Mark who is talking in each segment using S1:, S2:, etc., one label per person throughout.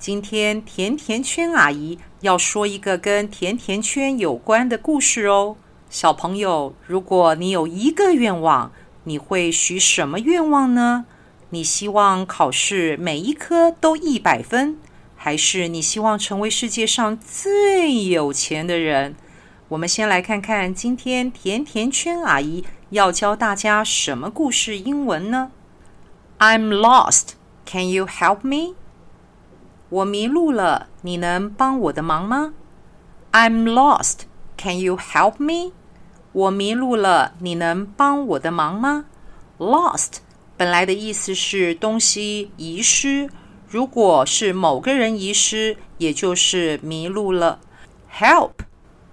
S1: 今天甜甜圈阿姨要說一個跟甜甜圈有關的故事哦，小朋友，如果你有一個願望，你會許什麼願望呢？你希望考試每一科都一百分，還是你希望成為世界上最有錢的人？我們先來看看今天甜甜圈阿姨要教大家什麼故事英文呢？I'm lost. Can you help me? 我迷路了，你能幫我的忙嗎？I'm lost. Can you help me? 我迷路了，你能幫我的忙嗎？Lost 本來的意思是東西遺失，如果是某個人遺失，也就是迷路了。Help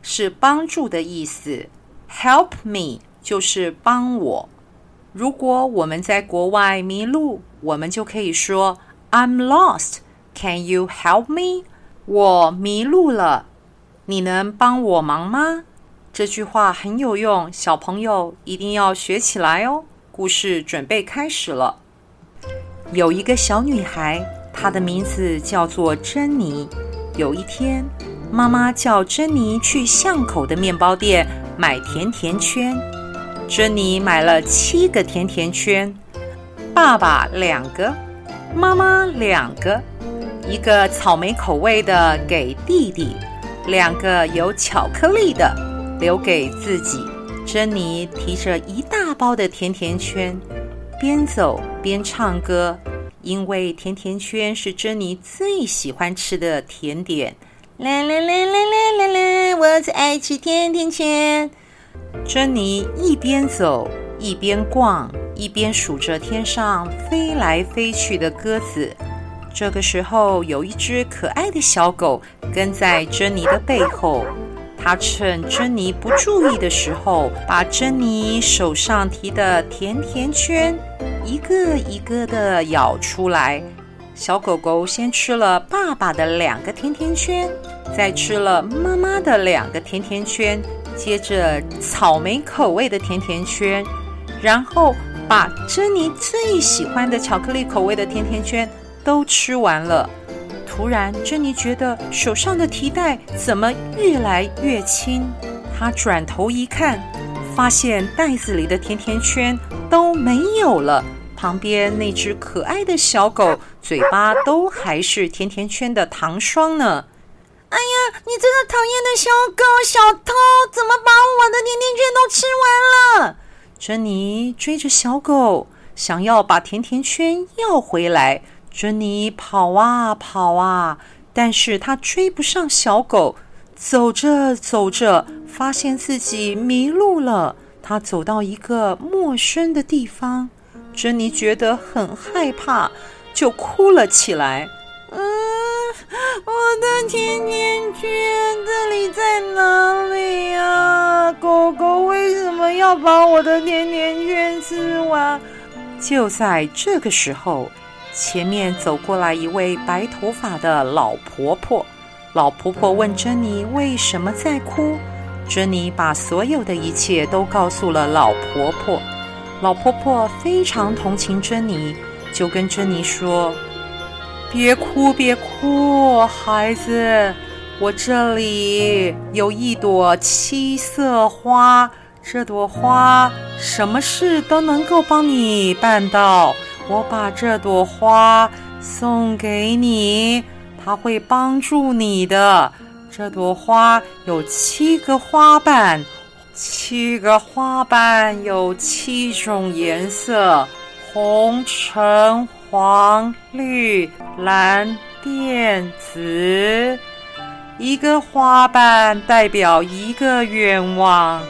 S1: 是幫助的意思，Help me 就是幫我。如果我們在國外迷路，我們就可以說 I'm lost。Can you help me? 我迷路了，你能幫我忙嗎？這句話很有用，小朋友一定要學起來哦。故事準備開始了。有一個小女孩，她的名字叫做珍妮。有一天，媽媽叫珍妮去巷口的麵包店買甜甜圈。珍妮買了七個甜甜圈，爸爸兩個，媽媽兩個。一個草莓口味的給弟弟，兩個有巧克力的留給自己。珍妮提着一大包的甜甜圈，邊走邊唱歌，因為甜甜圈是珍妮最喜歡吃的甜點。啦啦啦啦啦啦啦！我最愛吃甜甜圈。珍妮一邊走一邊逛，一邊數着天上飛來飛去的鴿子。這個時候，有一隻可愛的小狗跟在珍妮的背後。它趁珍妮不注意的時候，把珍妮手上提的甜甜圈一個一個的咬出來。小狗狗先吃了爸爸的兩個甜甜圈，再吃了媽媽的兩個甜甜圈，接着草莓口味的甜甜圈，然後把珍妮最喜歡的巧克力口味的甜甜圈都吃完了。突然，珍妮覺得手上的提袋怎麼越來越輕。她轉頭一看，發現袋子裡的甜甜圈都沒有了。旁邊那只可愛的小狗嘴巴都還是甜甜圈的糖霜呢。
S2: 哎呀，你這個討厭的小狗小偷，怎麼把我的甜甜
S1: 圈都吃完了？珍妮追着小狗，想要把甜甜圈要回來。珍妮跑啊跑啊，但是她追不上小狗。走着走着，發現自己迷路了。她走到一個陌生的地方，珍妮覺得很害怕，就哭了起來。
S2: 嗯，我的甜甜圈，這裡在哪裡呀、啊？狗狗為什麼要把我的甜甜圈吃完？
S1: 就在這個時候。前面走過來一位白頭髮的老婆婆。老婆婆問珍妮：“為什麼在哭？”珍妮把所有的一切都告訴了老婆婆。老婆婆非常同情珍妮，就跟珍妮說：“別哭，別哭，孩子，我這裡有一朵七色花，這朵花什麼事都能夠幫你辦到。”我把這朵花送給你，它會幫助你的。這朵花有七個花瓣，七個花瓣有七種顏色：紅、橙、黃、綠、藍、靛、紫。一個花瓣代表一個願望，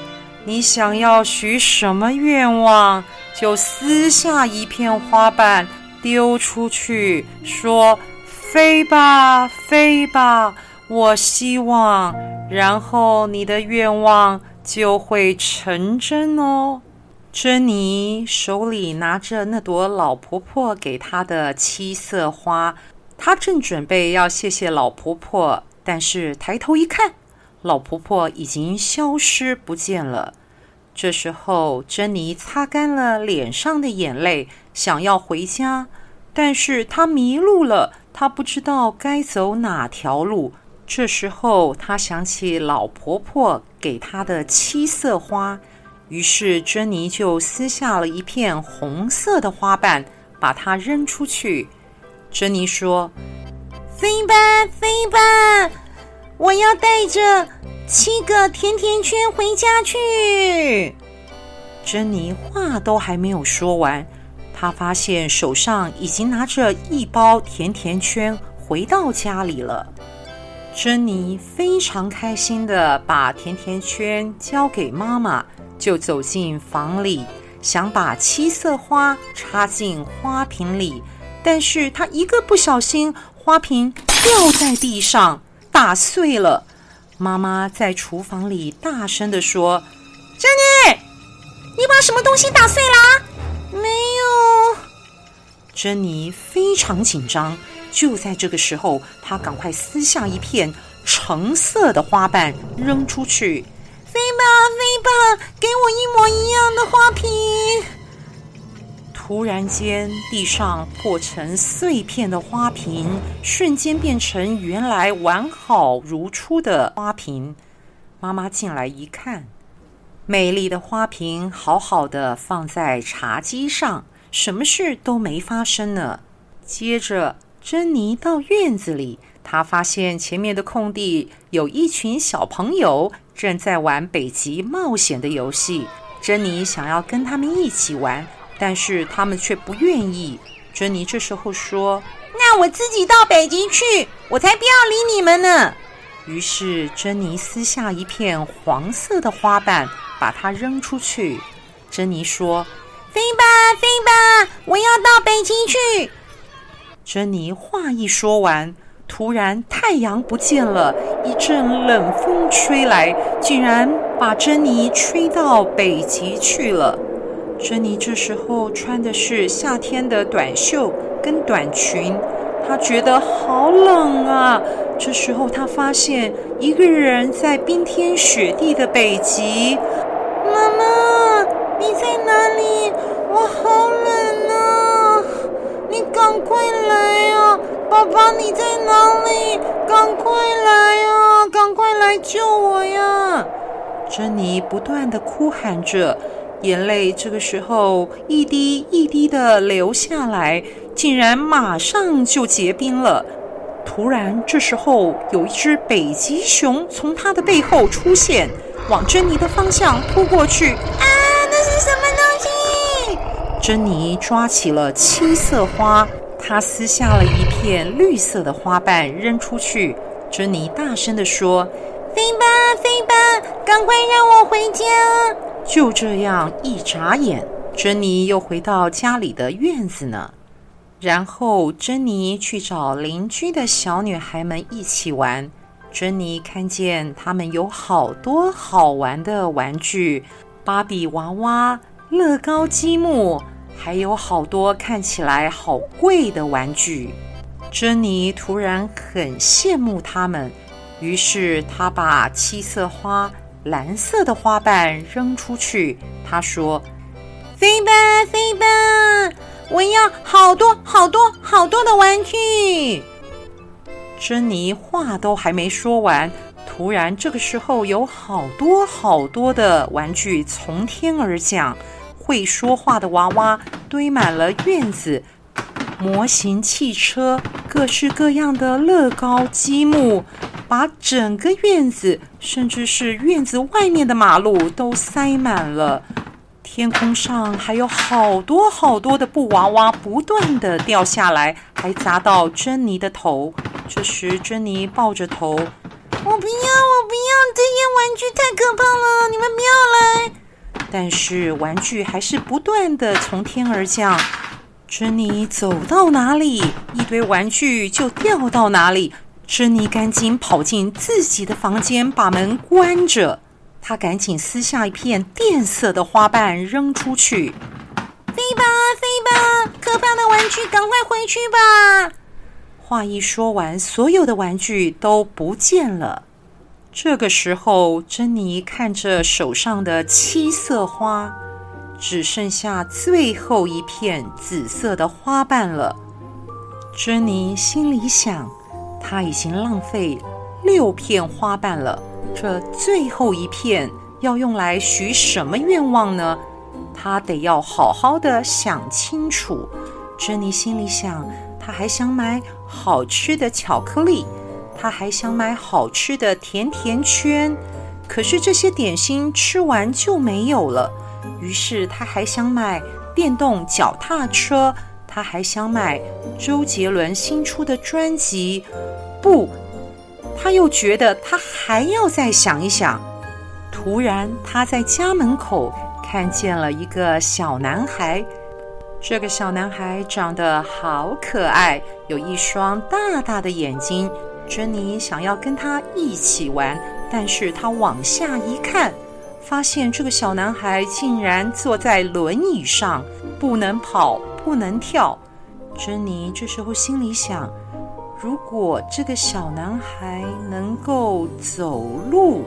S1: 你想要許什麼願望？就撕下一片花瓣丟出去，說：“飛吧，飛吧，我希望……然後你的願望就會成真哦。”珍妮手裡拿着那朵老婆婆給她的七色花，她正準備要謝謝老婆婆，但是抬頭一看，老婆婆已經消失不見了。這時候，珍妮擦乾了臉上的眼淚，想要回家，但是她迷路了，她不知道該走哪條路。這時候，她想起老婆婆給她的七色花，於是珍妮就撕下了一片紅色的花瓣，把它扔出去。珍妮說：“飛吧，飛吧。”我要帶着七個甜甜圈回家去。珍妮話都還沒有說完，她發現手上已經拿着一包甜甜圈回到家裡了。珍妮非常開心的把甜甜圈交給媽媽，就走進房裡，想把七色花插進花瓶裡，但是她一個不小心，花瓶掉在地上。打碎了，媽媽在廚房裡大聲地說：“珍妮，
S2: 你把什麼東西打碎了？”“
S1: 沒有。”珍妮非常緊張。就在這個時候，她趕快撕下一片橙色的花瓣扔出去，“飛吧，飛吧，給我一模一樣的花瓶。”突然間，地上破成碎片的花瓶瞬間變成原來完好如初的花瓶。媽媽進來一看，美麗的花瓶好好的放在茶幾上，什麼事都沒發生呢。接着，珍妮到院子裡，她發現前面的空地有一群小朋友正在玩北極冒險的遊戲。珍妮想要跟他們一起玩。但是他們卻不願意。珍妮這時候說：“那我自己到北極去，我才不要理你們呢。”於是珍妮撕下一片黃色的花瓣，把它扔出去。珍妮說：“飛吧，飛吧，我要到北極去。”珍妮話一說完，突然太陽不見了，一陣冷風吹來，竟然把珍妮吹到北極去了。珍妮這時候穿的是夏天的短袖跟短裙，她覺得好冷啊！這時候她發現一個人在冰天雪地的北極。
S2: 媽媽，你在哪裡？我好冷啊！你趕快來呀！爸爸，你在哪裡？趕快
S1: 來呀！趕快來救我呀！珍妮不斷的哭喊着。眼淚這個時候一滴一滴的流下來，竟然馬上就結冰了。突然，這時候有一隻北極熊從它的背後出現，往珍妮的方向撲過去。啊，那是什麼東西？珍妮抓起了七色花，她撕下了一片綠色的花瓣扔出去。珍妮大聲的說：“飛吧，飛吧，趕快讓我回家！”就這樣一眨眼，珍妮又回到家裡的院子呢。然後珍妮去找鄰居的小女孩們一起玩。珍妮看見他們有好多好玩的玩具，芭比娃娃、樂高積木，還有好多看起來好貴的玩具。珍妮突然很羨慕他們，於是她把七色花。藍色的花瓣扔出去，他說：“飛吧，飛吧！我要好多好多好多的玩具。”珍妮話都還沒說完，突然這個時候，有好多好多的玩具從天而降，會說話的娃娃堆滿了院子，模型汽車，各式各樣的樂高積木。把整個院子，甚至是院子外面的馬路都塞滿了。天空上還有好多好多的布娃娃，不斷的掉下來，還砸到珍妮的頭。這時，珍妮抱着頭：“
S2: 我不要，我不要！這些玩具太可怕了，你們不要來！”
S1: 但是，玩具還是不斷的從天而降。珍妮走到哪裡，一堆玩具就掉到哪裡。珍妮趕緊跑進自己的房間，把門關着。她趕緊撕下一片靛色的花瓣扔出去：“
S2: 飛吧，飛吧，可怕的玩
S1: 具，趕快回去吧！”話一說完，所有的玩具都不見了。這個時候，珍妮看着手上的七色花，只剩下最後一片紫色的花瓣了。珍妮心裡想。他已經浪費六片花瓣了，這最後一片要用來許什麼願望呢？他得要好好的想清楚。珍妮心裡想，他還想買好吃的巧克力，他還想買好吃的甜甜圈，可是這些點心吃完就沒有了。於是他還想買電動腳踏車。他還想買周杰倫新出的專輯，不，他又覺得他還要再想一想。突然，他在家門口看見了一個小男孩，這個小男孩長得好可愛，有一雙大大的眼睛。珍妮想要跟他一起玩，但是他往下一看，發現這個小男孩竟然坐在輪椅上，不能跑。不能跳，珍妮這時候心裡想：如果這個小男孩能夠走路，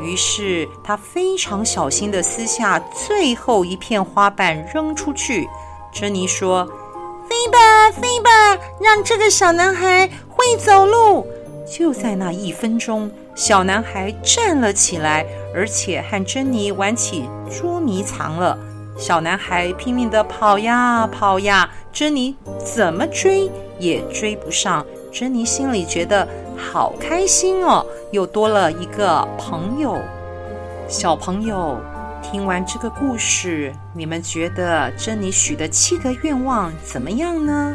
S1: 於是她非常小心的撕下最後一片花瓣扔出去。珍妮說：“飛吧，飛吧，讓這個小男孩會走路。”就在那一分鐘，小男孩站了起來，而且和珍妮玩起捉迷藏了。小男孩拼命的跑呀跑呀，珍妮怎麼追也追不上。珍妮心裡覺得好開心哦，又多了一個朋友。小朋友，聽完這個故事，你們覺得珍妮許的七個願望怎麼樣呢？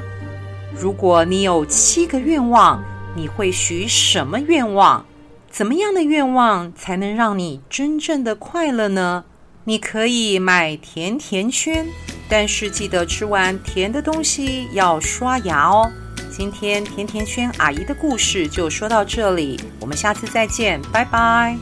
S1: 如果你有七個願望，你會許什麼願望？怎麼樣的願望才能讓你真正的快樂呢？你可以買甜甜圈，但是記得吃完甜的東西要刷牙哦。今天甜甜圈阿姨的故事就說到這裡，我們下次再見，拜拜。